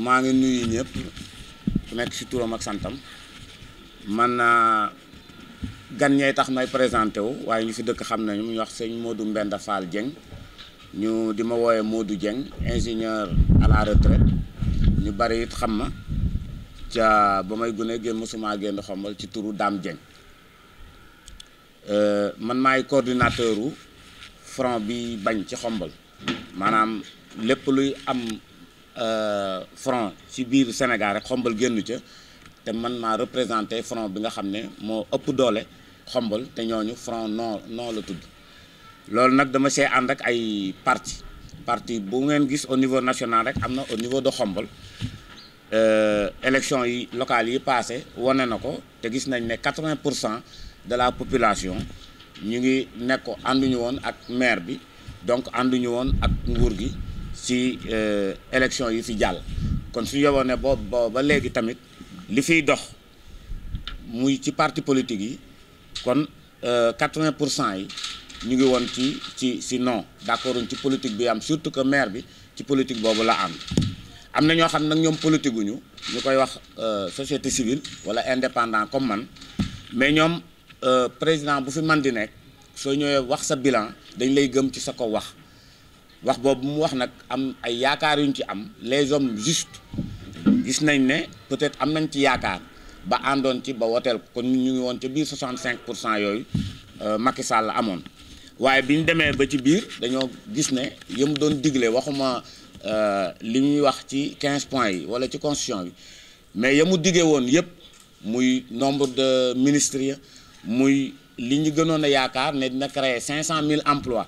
maa ngi nuyu ñëpp ku nekk ci turam ak santam man ah, gan ñay tax may présenté wu waaye ñu fi dëkk xam nañu mu ñu wax sëñ Modou mbend Fall Dieng ñu di ma wooyee Modou Dieng ingénieur à la retraite ñu bari it xam ma ca ba may gune génn mosuma génn xombal ci turu Dame Dieng euh, man maay coordinateur u bi bañ ci xombal maanaam lépp luy am Euh, front ci biir Sénégal rek xombal génn ca te man maa représenté front bi nga xam ne moo ëpp doole xombal te ñooñu front non non la tudd loolu nag dama see ànd ak ay parti parti bu ngeen gis au niveau national rek am na au niveau de xombal euh, élection yi locales yi passé wane na ko te gis nañ ne 80 pour cent de la population ñu ngi nekk ko ànduñu woon ak maire bi donc ànduñu woon ak nguur gi ci euh, élection yi fi jàll kon su yowoon ne boobu ba léegi tamit li fiy dox muy ci parti politique yi kon 80 euh, pour cent yi ñu ngi woon ci ci si non d'accord ci politique bi am surtout que maire bi ci politique boobu la am am na ñoo xam nag ñoom politique gu ñu ñu koy wax euh, société civile wala indépendant comme man mais ñoom président bu fi man di nekk soo ñëwee wax sa bilan dañ lay gëm ci sa ko wax wax boobu mu wax nag am ay yaakaar yuñ ci am les hommes justes gis nañ ne peut-être am nañ ci yaakaar ba àndoon ci ba woteel kon ñu ngi woon ca biir 65 pour cent yooyu euh, Macky Sall amoon waaye bi ñu demee ba ci biir dañoo gis ne yëm doon digle waxuma euh, li ñuy wax ci quinze points yi wala ci constitution bi mais yamu diggee woon yëpp muy nombre de ministres ya muy li ñu gënoon a yaakaar ne dina créer 500000 emplois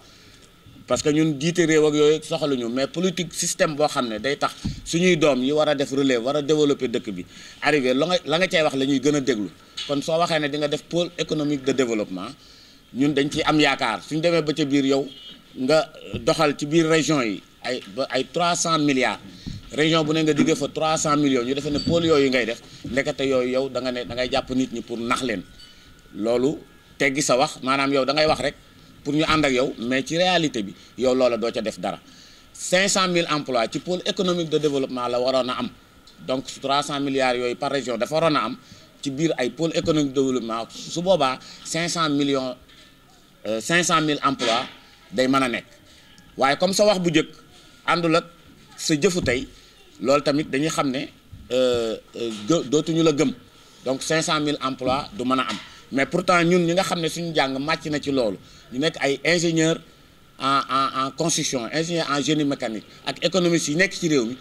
parce que ñun jiite réew ak yooyu soxaluñu mais politique système boo xam ne day tax suñuy doom yi war a def relève war a développer dëkk bi arrivé la nga la nga cay wax la ñuy gën a déglu kon soo waxee ne di nga def pôle économique de développement ñun dañ ciy am yaakaar suñ demee ba ca biir yow nga doxal ci biir région yi ay ba ay 300 milliards région bu ne nga diggee fa trois 300 millions ñu defee ne pôle yooyu ngay def ndekete yooyu yow da nga ne da jàpp nit ñi pour nax leen loolu teggi sa wax maanaam yow da ngay wax rek. pour ñu ànd ak yow mais ci réalité bi yow loola doo ca def dara cinq cent mille emplois ci pôle économique de développement la waroon a am donc cent milliards yooyu par région dafa waroon a am ci biir ay pôle économique de développement su boobaa cinq 500 millions euh, mille emplois day mën a nekk waaye comme sa wax bu njëkk àndul ak sa jëfu tey loolu tamit dañuy xam ne euh, euh, dootuñu la gëm donc cinq cent mille emplois du mën a am. mais pourtant ñun ñi nga xam ne suñu jàng màcc na ci loolu ñu nekk ay ingénieur en en en construction ingénieur en génie mécanique ak économistes yi nekk ci réew mi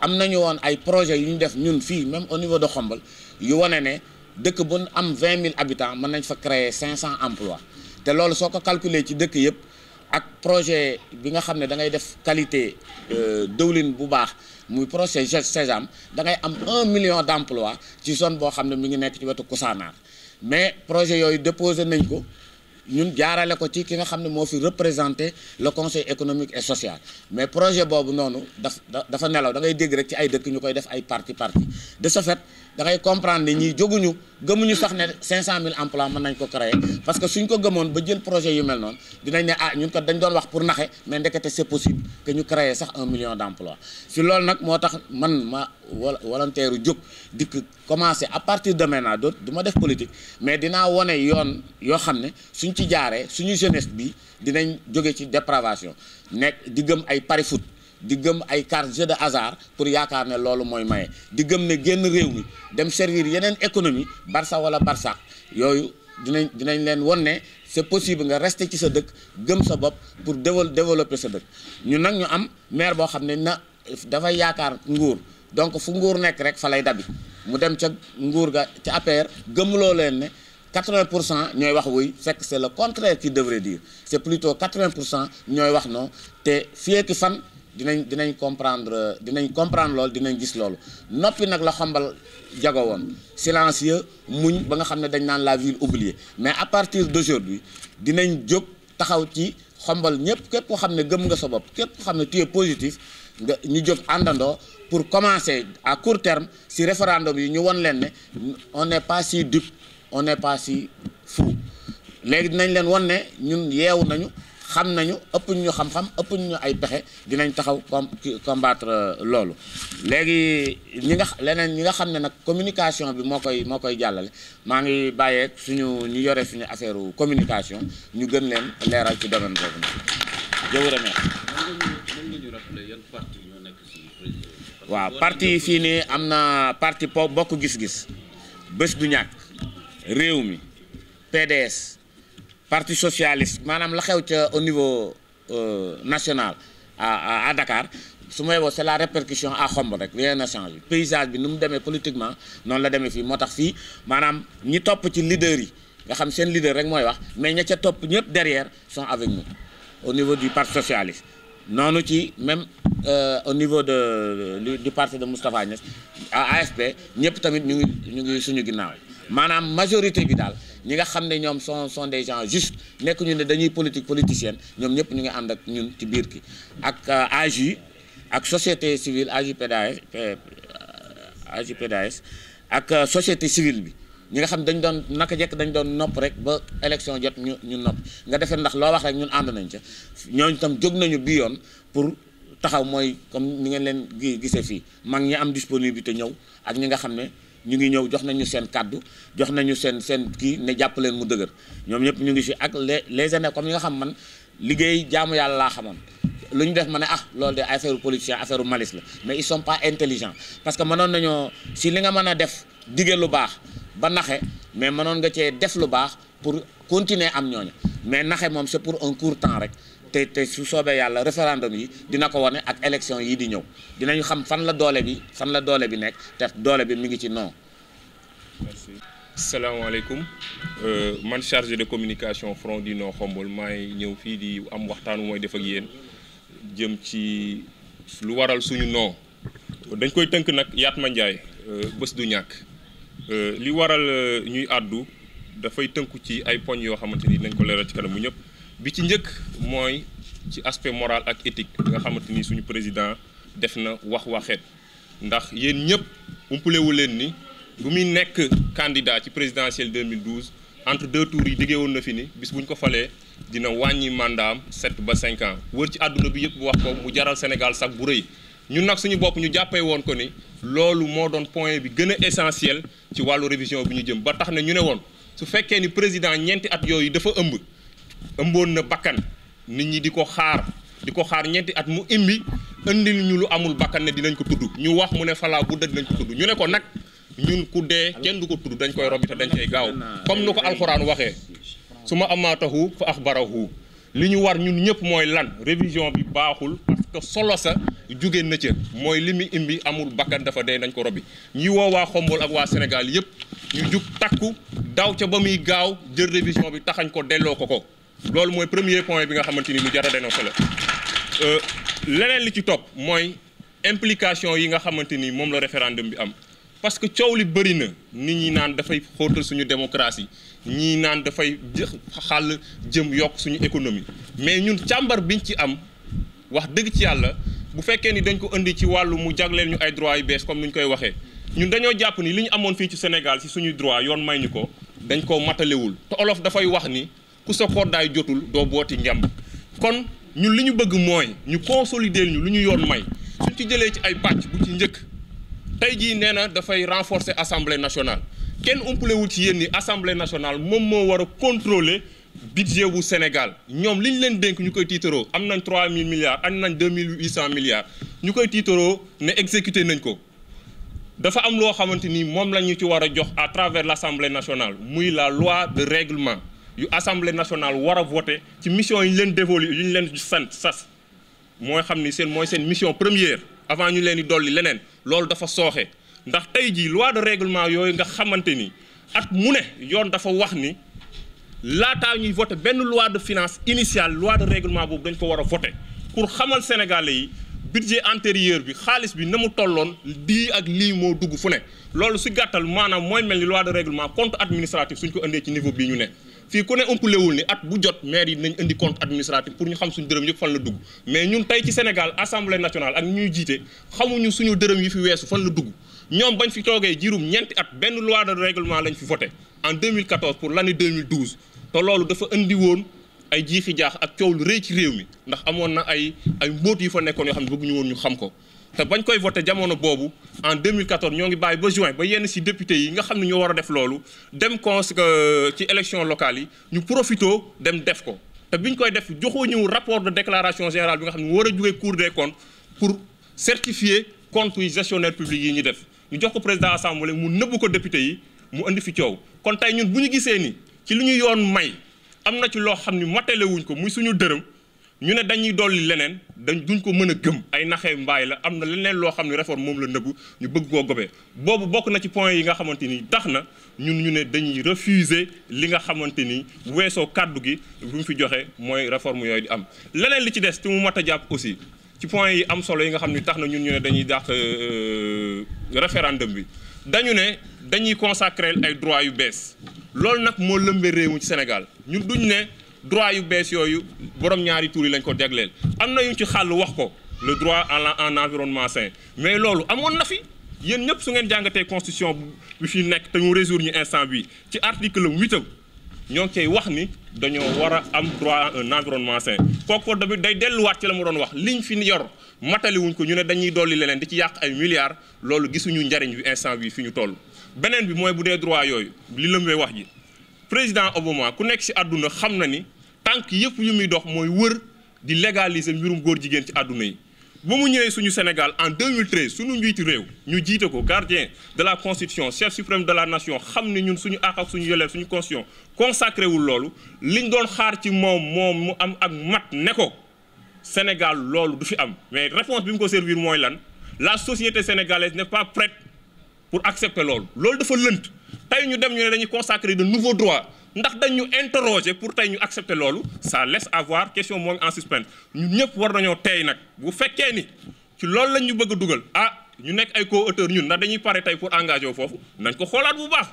am nañu woon ay projets yu ñu def ñun fii même au niveau de Xombal yu wane ne dëkk bu am vingt mille habitants mën nañ fa créer cinq cent emplois te loolu soo ko calculer ci dëkk yëpp ak projet bi nga xam ne da ngay def qualité euh, dëwlin bu baax muy projet Sésame da dangay am un million d'emplois ci zone boo xam ne mi ngi nekk ci wetu Koussanar mais projet yooyu déposé nañ ko ñun jaarale ko ci ki nga xam ne moo fi représenter le conseil économique et social mais projet boobu noonu daf dafa nelaw da ngay dégg rek ci ay dëkk ñu koy def ay parti parti de ce fait da comprendre ni ñi jóguñu gëmuñu sax ne 500000 emplois mën nañ ko créer parce que suñ ko gëmoon ba jël projet yu mel noonu dinañ ne ah ñun kat dañ doon wax pour naxe mais ndekete c'est possible que ñu créer sax un million d'emplois si loolu nag moo tax man ma wala volontaire jóg dikk commencer à partir de maintenant doot du def politique mais dinaa wone yoon yoo xam ne suñ ci jaaree suñu jeunesse bi dinañ jóge ci dépravation nekk di gëm ay pari foot di gëm ay carte jeu de hasard pour yaakaar ne loolu mooy maye di gëm ne génn réew mi dem servir yeneen économie Barça wala Barça yooyu dinañ dinañ leen won ne c'est possible nga reste ci sa dëkk gëm sa bopp pour développer sa dëkk ñu nag ñu am maire boo xam ne na dafay yaakaar nguur donc fu nguur nekk rek fa lay dabi mu dem ca nguur ga ci APR gëmuloo leen ne 80 pour cent ñooy wax wuy fekk se le contraire qui devrait dire c'est plutôt 80 pour cent ñooy wax non te dinañ dinañ comprendre dinañ comprendre loolu dinañ gis loolu noppi nag la xambal jago woon silencieux muñ ba nga xam ne dañ naan la ville oubliée mais à partir de bi dinañ jóg taxaw ci xambal ñëpp képp koo xam ne gëm nga sa bopp képp xam ne tu es positif nga ñu jóg àndandoo pour commencer à court terme si référendum yi ñu won leen ne on n'est pas si on n'est pas si fou léegi dinañ leen won ne ñun yeewu nañu xam nañu ëpp ñu xam-xam ëpp ñu ay pexe dinañ taxaw com combattre euh, loolu léegi ñi nga leneen ñi nga xam ne nag communication bi moo koy moo koy jàllale maa ngi bàyyee suñu ñu yore suñu affaire communication ñu gën leen leeral ci domaine boobu nag jëwu remee waaw parti yi fii nii am na parti po bokk gis-gis bés du ñàkk réew mi PDS parti socialiste maanaam la xew ca au niveau euh, national à à Dakar su ma yeboo c'est la répercussion à xomb rek rien n'a bi paysage bi nu mu demee politiquement noonu la demee fii moo tax fii maanaam ñi topp ci leader yi nga xam seen leader rek mooy wax mais ña ca topp ñëpp derrière son avec nous au niveau du parti socialiste noonu ci même euh, au niveau de du parti de Moustapha Niass à AFP ñëpp tamit ñu ngi ñu ngi suñu ginnaaw maanaam majorité bi daal ñi nga xam ne ñoom son sont des gens juste nekkuñu ñu ne dañuy politique politicienne ñoom ñëpp ñu ngi ànd ak ñun ci biir ki ak euh, AJ ak société civile AJPDAS euh, AJPDAS ak euh, société civile bi ñi nga xam dañ doon naka jekk dañ doon nopp rek ba élection jot ñu ñu nopp nga defee ndax loo wax rek ñun ànd nañ ca ñooñu tam jóg nañu bi yoon pour taxaw mooy comme ni ngeen leen gisee fii mag ñi am disponibilité ñëw ak ñi nga xam ne ñu ngi ñëw jox nañu seen kàddu jox nañu seen seen kii ne jàpp leen mu dëgër ñoom ñëpp ñu ngi si ak les les années comme ñi nga xam man liggéey jaamu yàlla laa xamoon lu ñu def ma ne ah loolu de affaire politicien affaire malice la mais ils sont pas intelligents parce que mënoon nañoo si li nga mën a def dige lu baax ba naxe mais mënoon nga cee def lu baax pour continuer am ñooñu mais naxe moom c'est pour un court temps rek te te su soobee yàlla référendum yi dina ko wane ak élection yi di ñëw dinañu xam fan la doole bi fan la doole bi nekk te doole bi mu ngi ci non. merci salaamaaleykum euh, man chargé de communication front du Nord Xombol maay ñëw fii di am waxtaan mooy defak ak yéen jëm ci lu waral suñu non dañ koy tënk nag yaat ma Ndiaye euh, bés du ñàkk euh, li waral ñuy àddu dafay tënku ci ay poñ yoo xamante ni dinañ ko leeral ci kanam bu ñëpp. bi ci njëkk mooy ci aspect moral ak éthique nga xamante ni suñu président def na wax waxeet ndax yéen ñëpp umpalewu leen ni bu muy nekk candidat ci présidentielle 2012 entre deux tours yi diggee woon na fi ni bis bu ñu ko falee dina wàññi mandaam 7 ba 5 ans wër ci àdduna bi yëpp wax ko mu jaral Sénégal sax bu rëy ñu nag suñu bopp ñu jàppee woon ko ni loolu moo doon point bi gën a essentiel ci wàllu révision bi ñu jëm ba tax na ñu ne woon su fekkee ni président at yooyu dafa ëmb ëmboon na bakkan nit ñi di ko xaar di ko xaar ñeenti at mu imbi indil ñu lu amul bakkan ne dinañ ko tudd ñu wax mu ne falaa bu dee dinañ ko tudd ñu ne ko nag ñun ku dee kenn du ko tudd dañ koy robbi te dañ koy gaaw comme nu ko alxuraan waxee su ma amaatahu fa axbarahu li ñu war ñun ñëpp mooy lan révision bi baaxul parce solo sa jóge na ca mooy li mu imbi amul bakkan dafa dee dañ ko robbi ñi woo waa Xombol ak waa Sénégal yëpp ñu jug takku daw ca ba muy gaaw jël révision bi taxañ ko delloo ko ko loolu mooy premier point bi nga xamante ni lu jara a dénoncé la euh, leneen li ci topp mooy implication yi nga xamante ni moom la référendum bi am parce que coow li bëri na nit ñi naan dafay xóotal suñu démocratie ñii naan dafay xàll jëm yokk suñu économie mais ñun càmbar biñ ci am wax dëgg ci yàlla bu fekkee ni dañ ko indi ci wàllu mu jagleel ñu ay droits yu bees comme ni ñu koy waxee ñun dañoo jàpp ni li ñu amoon fii ci Sénégal ci suñu droit yoon may ñu ko dañ koo matalewul olof dafay wax ni ku sa xoddaay jotul doo booti ngemb kon ñun li ñu bëgg mooy ñu consolider ñu lu ñu yoon may suñ ci jëlee ci ay pàcc bu ci njëkk tey jii nee na dafay renforcer assemblée nationale kenn umpalewul ci yéen ni assemblée nationale moom moo war a contrôler budget bu Sénégal ñoom li ñu leen dénk ñu koy tiitaroo am nañ 3000 milliards am nañ cent milliards ñu koy tiitaroo ne exécuté nañ ko dafa am loo xamante ni moom la ñu ci war a jox à travers l' assemblée nationale muy la loi de règlement yu assemblée nationale war a voté ci mission yi ñu leen dévolu yu ñu leen sant sas mooy xam ni seen mooy seen mission première avant ñu leen di dolli leneen loolu dafa sooxe ndax tey jii loi de règlement yooyu nga xamante ni at mu ne yoon dafa wax ni laataa ñuy voté benn loi de finance initiale loi de règlement boobu dañ ko war a voté pour xamal sénégalais yi budget antérieur bi xaalis bi na mu tolloon lii ak lii moo dugg fu ne loolu si gàttal maanaam mooy mel ni loi de règlement suñ ko indee ci niveau ñu ne fii ku ne ëmpalewul ni at bu jot maire yi nañ indi compte administratif pour ñu xam suñu dërëm yëpp fa la dugg mais ñun tey ci Sénégal assemblée nationale ak ñuy jiite xamuñu suñu dërëm yi fi weesu fan la dugg ñoom bañ fi toogee jirum ñeenti at benn loi de règlement lañ fi voté en 2014 pour l'année 2012 te loolu dafa indi woon ay jiixi jaax ak coow lu rëy ci réew mi ndax amoon na ay ay mbóot yi fa nekkoon yoo xam ne bëgguñu ñu xam ko te bañ koy voté jamono boobu en 2014 ñoo ngi bàyyi ba juin ba yenn ci député yi nga xam ne ñoo war a def loolu dem cons euh, ci élection locale yi ñu profitoo dem def ko te biñ koy def joxoo ñëw rapport de déclaration générale bi nga xam ne war a jugee cour de comptes pour certifier compte yi gestionnaire public yi ñu def ñu jox ko président assemblée mu nëbb ko député yi mu indi fi coow kon tey ñun bu ñu gisee nii ci lu ñu yoon may am na ci loo xam ne matale wuñ ko muy suñu dërëm ñu ne dañuy dolli leneen dañ duñ ko mën a gëm ay naxee mbaay la am na leneen loo xam ne réforme moom la nëbbu ñu bëgg koo gobee boobu bokk na ci point yi nga xamante ni tax na ñun ñu ne dañuy refuser li nga xamante ni weesoo kàddu gi bu fi joxe mooy réforme yooyu di am leneen li ci des te mat a jàpp aussi ci point yi am solo yi nga xam ni tax na ñun ñu ne dañuy dàq euh, référendum bi dañu ne dañuy consacrer ay droits yu bees loolu nag moo lëmbee réew ci Sénégal ñun duñ ne droit yu bees yooyu borom ñaari tuur yi lañ ko jagleel am na yu ci xàll wax ko le droit à un environnement sain mais loolu amoon na fi yéen ñëpp su ngeen jàngatee constitution bi fi nekk te mu résoudre ñu instant bi ci article huitam ñoo ngi cay wax ni dañoo war a am droit à un environnement sain tamit day delluwaat ci la mu doon wax liñ fi yor matali wuñ ko ñu ne dañuy dolli leneen di ci yàq ay milliards loolu gisuñu njariñ bi instant bi fi ñu toll beneen bi mooy bu dee droit yooyu li lëmbee wax ji président Obama ku nekk ci àdduna xam na ni tànk yëpp yu muy dox mooy wër di légaliser mbirum góor jigéen ci àdduna yi ba mu ñëwee suñu Sénégal en 2013 suñu njiitu réew ñu jiite ko gardien de la constitution chef suprême de la nation xam ne ñun suñu àq suñu yelleef suñu constitution consacré wul loolu liñ doon xaar ci moom moom mu am ak mat ne ko Sénégal loolu du fi am mais réponse bi mu ko servir mooy lan la société sénégalaise ne pas prête pour accepter loolu loolu dafa lënt tey ñu dem ñu ne dañuy consacrer de nouveaux droits ndax dañ ñu pour tey ñu accepter loolu ça laisse avoir question moo ngi en suspens ñun ñëpp war nañoo tey nag bu fekkee ni ci loolu lañ ñu bëgg a dugal ah ñu nekk ay co-auteur ñun ndax dañuy pare tey pour engagé wu foofu nañ ko xoolaat bu baax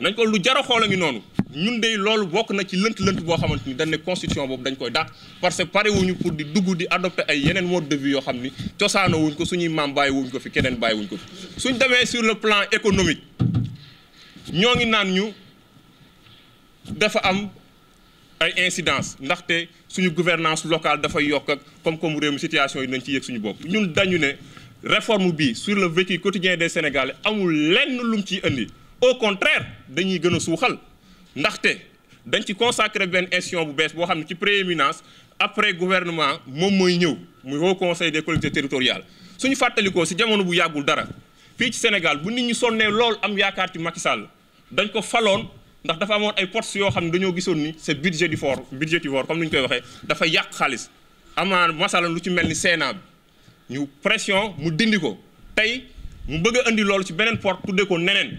nañ ko lu jar a xool a ngi noonu ñun de loolu bokk na ci lënt-lënt boo xamante ni dañ ne constitution boobu dañ koy dàq parce que pare wuñu pour di dugg di adopté ay yeneen mode de yoo xam ni cosaano ko suñuy maam bàyyi wuñ ko fi keneen bàyyi wuñ ko suñ demee sur le plan économique ñoo ngi naan ñu dafa am ay incidence ndaxte suñu gouvernance locale dafay yokk ak comme comme réew mi situation yi nañ ci yëg suñu bopp ñun dañu ne réforme bi sur le vécu quotidien des Sénégalais amul lenn lum ciy indi au contraire dañuy gën a suuxal ndaxte dañ ci consacré benn institution bu bees boo xam ne ci prééminence après gouvernement moom mooy ñëw muy haut conseil des collectivités territoriales suñu fàttalikoo si jamono bu yàggul dara fii ci Sénégal bu nit ñu sonnee lool am yaakaar ci Macky dañ ko faloon ndax dafa amoon ay postes yoo xam ne dañoo gisoon ni c'est budgétivore budgétivore comme ni ñu koy waxee dafa yàq xaalis amaan masala lu ci mel ni seenaa bi ñu pression mu dindi ko tey mu bëgg indi loolu ci beneen porte tuddee ko neneen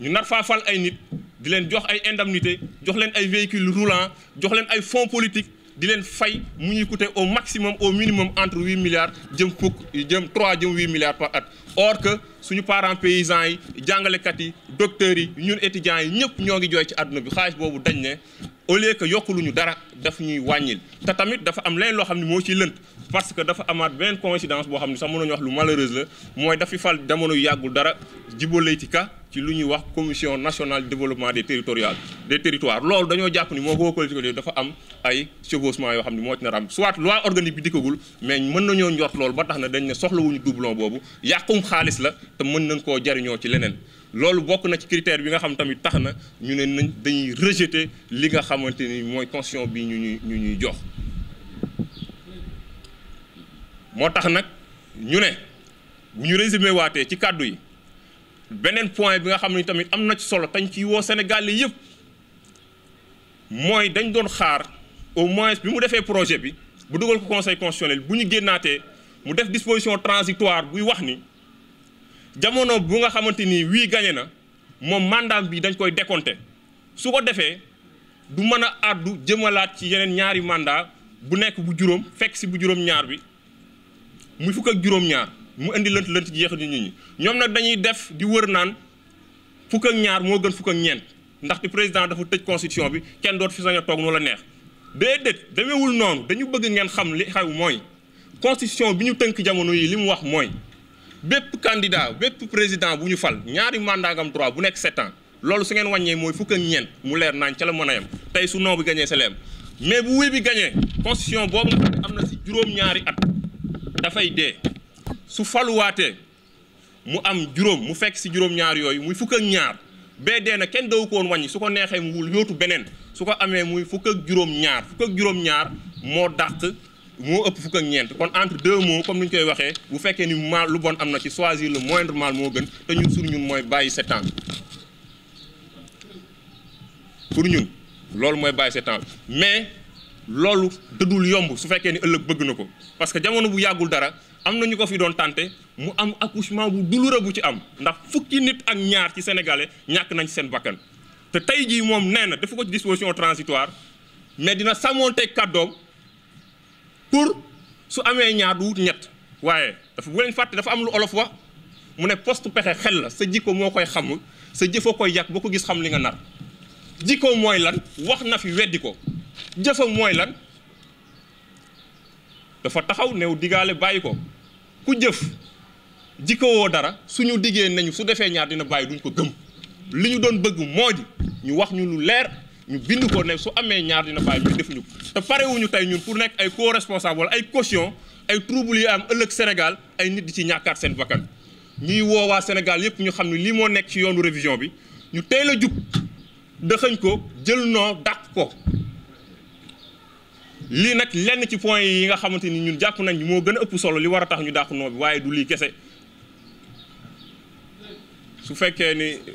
ñu nat faa fal ay nit di leen jox ay indemnité jox leen ay véhicules roulants jox leen ay fonds politiques di leen fay mu ñuy coûter au maximum au minimum entre huit milliards jëm fukk jëm trois jëm huit milliards par at or que suñu parent paysans yi jàngalekat yi docteurs yi ñun étudiants yi ñëpp ñoo ngi jooy ci àdduna bi xaalis boobu dañ ne au lieu que yokkuluñu dara daf ñuy wàññil te tamit dafa am leneen loo xam ne moo ciy lënt parce que dafa amaat benn coïncidence boo xam ne sax mën nañu wax lu malheureuse la mooy dafi fal jamono yu yàggul dara Djibo Leyti lu ñuy wax commission nationale développement des territoriales des territoires loolu dañoo jàpp ni moo ko collectivité dafa am ay chevauchement yoo xam ne moo ci nar am soit loi organique bi dikkagul mais mën nañoo njort loolu ba tax na dañ ne soxlawuñu doublon boobu yàqum xaalis la te mën nañ koo jariñoo ci leneen loolu bokk na ci critère bi nga xam tamit tax na ñu ne nañ dañuy rejeter li nga xamante ni mooy constitution bi ñu ñuy ñu ñuy jox moo tax nag ñu ne bu ñu résumé waatee ci kàddu yi beneen point bi nga xam ni tamit am na ci solo tañ ci woo Sénégal yëpp mooy dañ doon xaar au moins bi mu defee projet bi bu dugal ko conseil constitutionnel bu ñu génnaatee mu def disposition transitoire buy wax ni jamono bu nga xamante ni wii gagné na moom mandaam bii dañ koy décompté su ko defee du mën a àddu jëmalaat ci yeneen ñaari mandat bu nekk bu juróom fekk si bu juróom-ñaar bi muy fukk ak juróom-ñaar mu indi lënt lënt ji yeexal nit ñi ñoom nag dañuy def di wër naan fukk ak ñaar moo gën fukk ak ñeent ndaxte président dafa tëj constitution bi kenn doot fi sañ a toog nu la neex déedéet demeewul noonu dañu bëgg ngeen xam li xew mooy constitution bi ñu tënk jamono yi li mu wax mooy bépp candidat bépp président bu ñu fal ñaari mandat nga droit bu nekk sept ans loolu su ngeen wàññee mooy fukk ngeen mu leer naañ ca la mën a tey su non bi gañee sa leem mais bu wuy bi gañee constitution boobu nga xam am na si juróom at dafay dee su faluwaatee mu am juróom mu fekk si juróom-ñaar yooyu muy fukk ak ñaar bee dee na kenn dawu ko woon wàññi su ko neexee mu wul yootu beneen su ko amee muy fukk ak juróom-ñaar fukk ak juróom-ñaar moo dàq moo ëpp fukk ak ñeent kon entre deux mots comme ni ñu koy waxee bu fekkee ni mal lu bon am na ci choisir le moindre mal moo gën te ñun sur ñun mooy bàyyi sept ans pour ñun loolu mooy bàyyi sept mais loolu dëddul yomb su fekkee ni ëllëg bëgg na ko parce que jamono bu yàggul dara am na ñu ko fi doon tànte mu am accouchement bu douloureux bu ci am ndax fukki nit ak ñaar ci sénégalais ñàkk nañ seen bakkan te tey jii moom nee na dafa ko ci disposition transitoire mais dina sàmmonteeg kàddoom. pour su amee ñaar du wut ñett waaye dafa bu leen fàtte dafa am lu olof wax mu ne poste pexe xel la sa jikko moo koy xamul sa jëfoo koy yàq boo ko gis xam li nga nar jikko mooy lan wax na fi weddi ko jëfa mooy lan dafa taxaw néew digaale bàyyi ko ku jëf jikkowoo dara suñu diggee nañu su defee ñaar dina bàyyi duñ ko gëm li ñu doon bëgg moo di ñu wax ñu lu leer ñu bind ko ne su amee ñaar dina bàyyi ñu defuñu ko te parewuñu tey ñun pour nekk ay co-responsable wala ay caution ay trouble yi am ëllëg Sénégal ay nit ci ñàkkaat seen bakkan ñuy woowaa Sénégal yëpp ñu xam ne lii moo nekk ci yoonu révision bi ñu teel a jug dëxëñ ko jël noo dàq ko lii nag lenn ci point yi nga xamante ni ñun jàpp nañ moo gën a ëpp solo li war a tax ñu dàq noo bi waaye du lii kese su fekkee ni